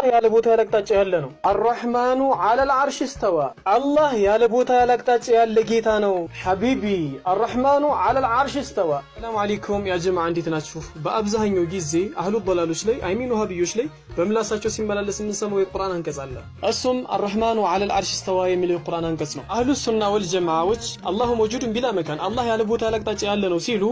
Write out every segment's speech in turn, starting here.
አላህ ያለ ቦታ ያለ አቅጣጫ ያለ ነው። አራሕማኑ አለል አርሽ እስተዋ አላህ ያለ ቦታ ያለ አቅጣጫ ያለ ጌታ ነው። ሐቢቢ አራሕማኑ አለል አርሽ እስተዋ። ሰላም አለይኩም ያ ጀማዓ እንዴት ናችሁ? በአብዛኛው ጊዜ አህሉ በላሎች ላይ አይሚን ውሃብዮች ላይ በምላሳቸው ሲመላለስ የምንሰማው የቁርአን አንቀጽ አለ። እሱም አራሕማኑ አለል አርሽ እስተዋ የሚለው የቁርአን አንቀጽ ነው። አህሉ ሱና ወል ጀማዓዎች አላሁ መውጁድን ቢላ መካን አላህ ያለ ቦታ ያለ አቅጣጫ ያለ ነው ሲሉ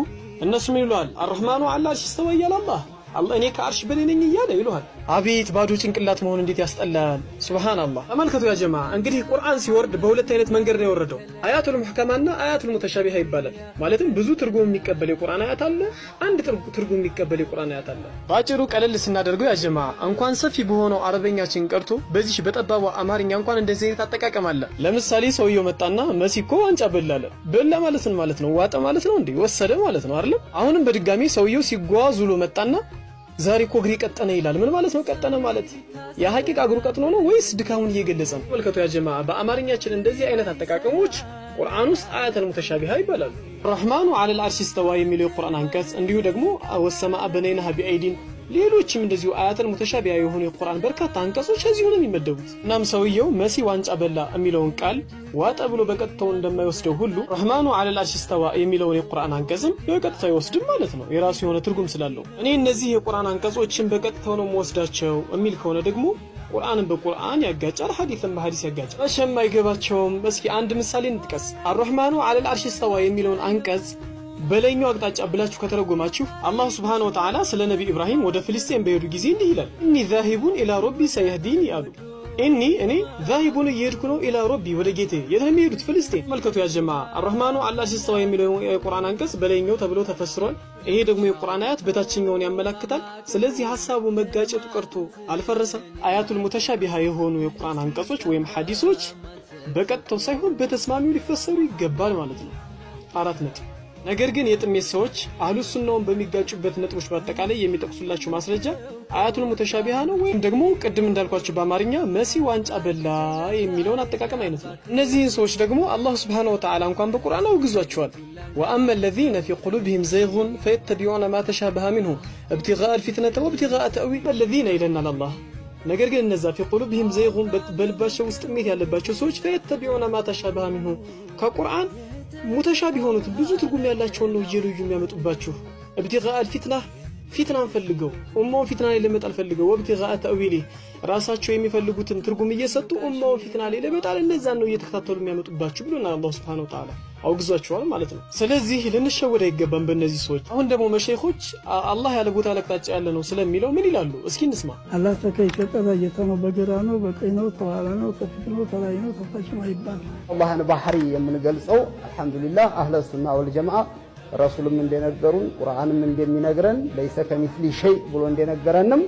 እነሱ ምን ይሏል? አራሕማኑ አለል አርሽ እስተዋ እያለ አላህ አላህ እኔ ከአርሽ በላይ ነኝ እያለ ይሉሃል። አቤት ባዶ ጭንቅላት መሆን እንዴት ያስጠላል! ሱብሃንአላህ። ተመልከቱ ያ ጀማ፣ እንግዲህ ቁርአን ሲወርድ በሁለት አይነት መንገድ ነው የወረደው። አያቱል ሙሕከማና አያቱል ሙተሻቢሃ ይባላል። ማለትም ብዙ ትርጉም የሚቀበል የቁርአን አያት አለ፣ አንድ ትርጉም የሚቀበል የቁርአን አያት አለ። በአጭሩ ቀለል ስናደርገው ያ ጀማ፣ እንኳን ሰፊ በሆነው አረበኛችን ቀርቶ በዚህ በጠባቡ አማርኛ እንኳን እንደዚህ አይነት አጠቃቀም አለ። ለምሳሌ ሰውየው መጣና መሲኮ ዋንጫ በላለ። በላ ማለት ምን ማለት ነው? ዋጠ ማለት ነው እንዴ? ወሰደ ማለት ነው አይደለም? አሁንም በድጋሚ ሰውየው ሲጓዝ ውሎ መጣና ዛሬ እኮ እግሬ ቀጠነ ይላል። ምን ማለት ነው? ቀጠነ ማለት የሐቂቃ እግሩ ቀጥኖ ነው ወይስ ድካሙን እየገለጸ ነው? መልከቱ ያጀማ በአማርኛችን እንደዚህ አይነት አጠቃቀሞች ቁርአን ውስጥ አያተል ሙተሻቢሃ ይባላሉ። ረህማኑ አለል አርሽ ስተዋ የሚለው የቁርአን አንቀጽ እንዲሁ ደግሞ ወሰማአ በነይናሃ ቢአይዲን ሌሎችም እንደዚሁ አያተን ሙተሻቢያ የሆኑ የቁርአን በርካታ አንቀጾች ከዚሁ ነው የሚመደቡት። እናም ሰውየው መሲ ዋንጫ በላ የሚለውን ቃል ዋጠ ብሎ በቀጥታው እንደማይወስደው ሁሉ ረህማኑ አለል አርሽ ስተዋ የሚለውን የቁርአን አንቀጽም በቀጥታ ይወስድም ማለት ነው፣ የራሱ የሆነ ትርጉም ስላለው። እኔ እነዚህ የቁርአን አንቀጾችን በቀጥታው ነው መወስዳቸው የሚል ከሆነ ደግሞ ቁርአንን በቁርአን ያጋጫል፣ ሐዲስን በሐዲስ ያጋጫል። መቼም አይገባቸውም። እስኪ አንድ ምሳሌ እንጥቀስ። አርህማኑ አለል አርሽ ስተዋ የሚለውን አንቀጽ በላይኛው አቅጣጫ ብላችሁ ከተረጎማችሁ አላህ ስብሐነ ወተዓላ ስለ ነቢ ኢብራሂም ወደ ፍልስጤን በሄዱ ጊዜ እንዲህ ይላል፣ እኒ ዛሂቡን ኢላ ሮቢ ሰየህዲኒ አሉ። እኒ እኔ ዛሂቡን እየሄድኩ ነው፣ ኢላ ሮቢ ወደ ጌቴ። የት ነው የሚሄዱት? ፍልስጤን። መልከቱ ያጀማ አርህማኑ አላ ሲስተዋ የሚለው የቁርአን አንቀጽ በላይኛው ተብሎ ተፈስሯል። ይሄ ደግሞ የቁርአን አያት በታችኛውን ያመላክታል። ስለዚህ ሀሳቡ መጋጨቱ ቀርቶ አልፈረሰም። አያቱል ሙተሻቢሃ የሆኑ የቁርአን አንቀጾች ወይም ሐዲሶች በቀጥታው ሳይሆን በተስማሚው ሊፈሰሩ ይገባል ማለት ነው። አራት ነጥብ ነገር ግን የጥሜት ሰዎች አህሉ ሱናውን በሚጋጩበት ነጥቦች በአጠቃላይ የሚጠቅሱላቸው ማስረጃ አያቱል ሙተሻቢሃ ነው ወይም ደግሞ ቅድም እንዳልኳቸው በአማርኛ መሲ ዋንጫ በላ የሚለውን አጠቃቀም አይነት ነው። እነዚህን ሰዎች ደግሞ አላሁ ስብሓነሁ ወተዓላ እንኳን በቁርአን አውግዟቸዋል። ወአመ ለዚነ ፊ ቁሉብህም ዘይጉን ፈየተቢዑነ ማ ተሻበሃ ሚንሁ እብትጋአ ልፊትነተ ወብትጋአ ተእዊል ለዚነ ይለናል አላህ። ነገር ግን እነዛ ፊ ቁሉብህም ዘይጉን በልባቸው ውስጥ ጥሜት ያለባቸው ሰዎች ፈየተቢዑነ ማ ተሻበሃ ሚንሁ ከቁርአን ሙተሻ ቢሆኑት ብዙ ትርጉም ያላቸውን ነው እየለዩ የሚያመጡባችሁ። እብትጋ ፊትና ፊትናን ፈልገው ኡማውን ፊትና ላይ ለመጣል ፈልገው ወብትጋ ተእዊሌ ራሳቸው የሚፈልጉትን ትርጉም እየሰጡ ኡማውን ፊትና ላይ ለመጣል እነዛን ነው እየተከታተሉ የሚያመጡባችሁ ብሎናል አላህ ሱብሓነሁ ወተዓላ። አውግዟቸዋል ማለት ነው። ስለዚህ ልንሸወድ አይገባም በእነዚህ ሰዎች። አሁን ደግሞ መሸይኮች አላህ ያለ ቦታ ለቅጣጫ ያለ ነው ስለሚለው ምን ይላሉ? እስኪ እንስማ። አላህ ተከይፈ ቀባየተ ነው፣ በግራ ነው፣ በቀኝ ነው፣ ተኋላ ነው፣ ከፊት ነው፣ ተላይ ነው፣ ተፋጭ ነው ይባል። አላህን ባህሪ የምንገልጸው አልሐምዱሊላህ አህለ ሱና ወልጀማዓ ረሱልም እንደነገሩን ቁርአንም እንደሚነግረን ለይሰ ከሚስሊ ሸይ ብሎ እንደነገረንም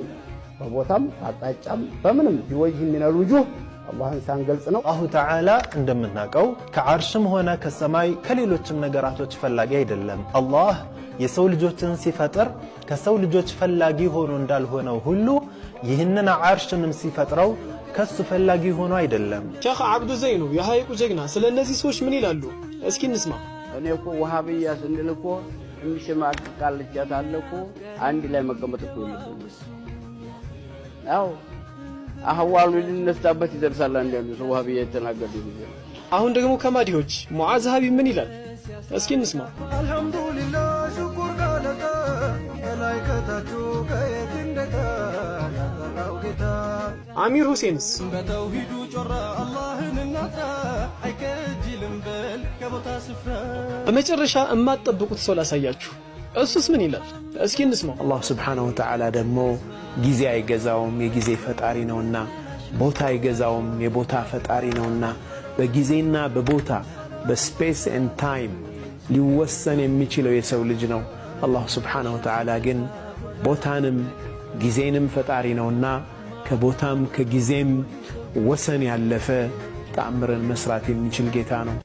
በቦታም አቅጣጫም በምንም ቢወጅህ የሚነሉ አላህን ሳንገልጽ ነው። አሁ ተዓላ እንደምናውቀው ከዓርሽም ሆነ ከሰማይ ከሌሎችም ነገራቶች ፈላጊ አይደለም። አላህ የሰው ልጆችን ሲፈጥር ከሰው ልጆች ፈላጊ ሆኖ እንዳልሆነው ሁሉ ይህንን ዓርሽንም ሲፈጥረው ከሱ ፈላጊ ሆኖ አይደለም። ሼኽ አብዱ ዘይኑ የሐይቁ ጀግና ስለ እነዚህ ሰዎች ምን ይላሉ? እስኪ እንስማ። እኔ እኮ ውሃብያ ስንል እኮ የሚሸማቅቅ አለ እኮ አንድ ላይ መቀመጥ እኮ አህዋሉ ልነስታበት ይደርሳል። አንዳንዱ ሰው ዋህብያ የተናገዱ ጊዜ ነው። አሁን ደግሞ ከማዲዎች ሙዓዝ ምን ይላል? እስኪ እንስማ። አልሐምዱሊላህ ሽኩር ካለቀ ከላይ ከታች ከየት እንደቀ ያጠራው ጌታ። አሚር ሁሴንስ በተውሂዱ ጮራ አላህን እናጥራ አይከጅልም በል ከቦታ ስፍራ። በመጨረሻ የማትጠብቁት ሰው ላሳያችሁ እሱስ ምን ይላል? እስኪ እንስማው። አላህ ስብሓነሁ ወተዓላ ደግሞ ጊዜ አይገዛውም የጊዜ ፈጣሪ ነውና፣ ቦታ አይገዛውም የቦታ ፈጣሪ ነውና፣ በጊዜና በቦታ በስፔስ ኤንድ ታይም ሊወሰን የሚችለው የሰው ልጅ ነው። አላህ ስብሓነሁ ወተዓላ ግን ቦታንም ጊዜንም ፈጣሪ ነውና ከቦታም ከጊዜም ወሰን ያለፈ ተአምርን መስራት የሚችል ጌታ ነው።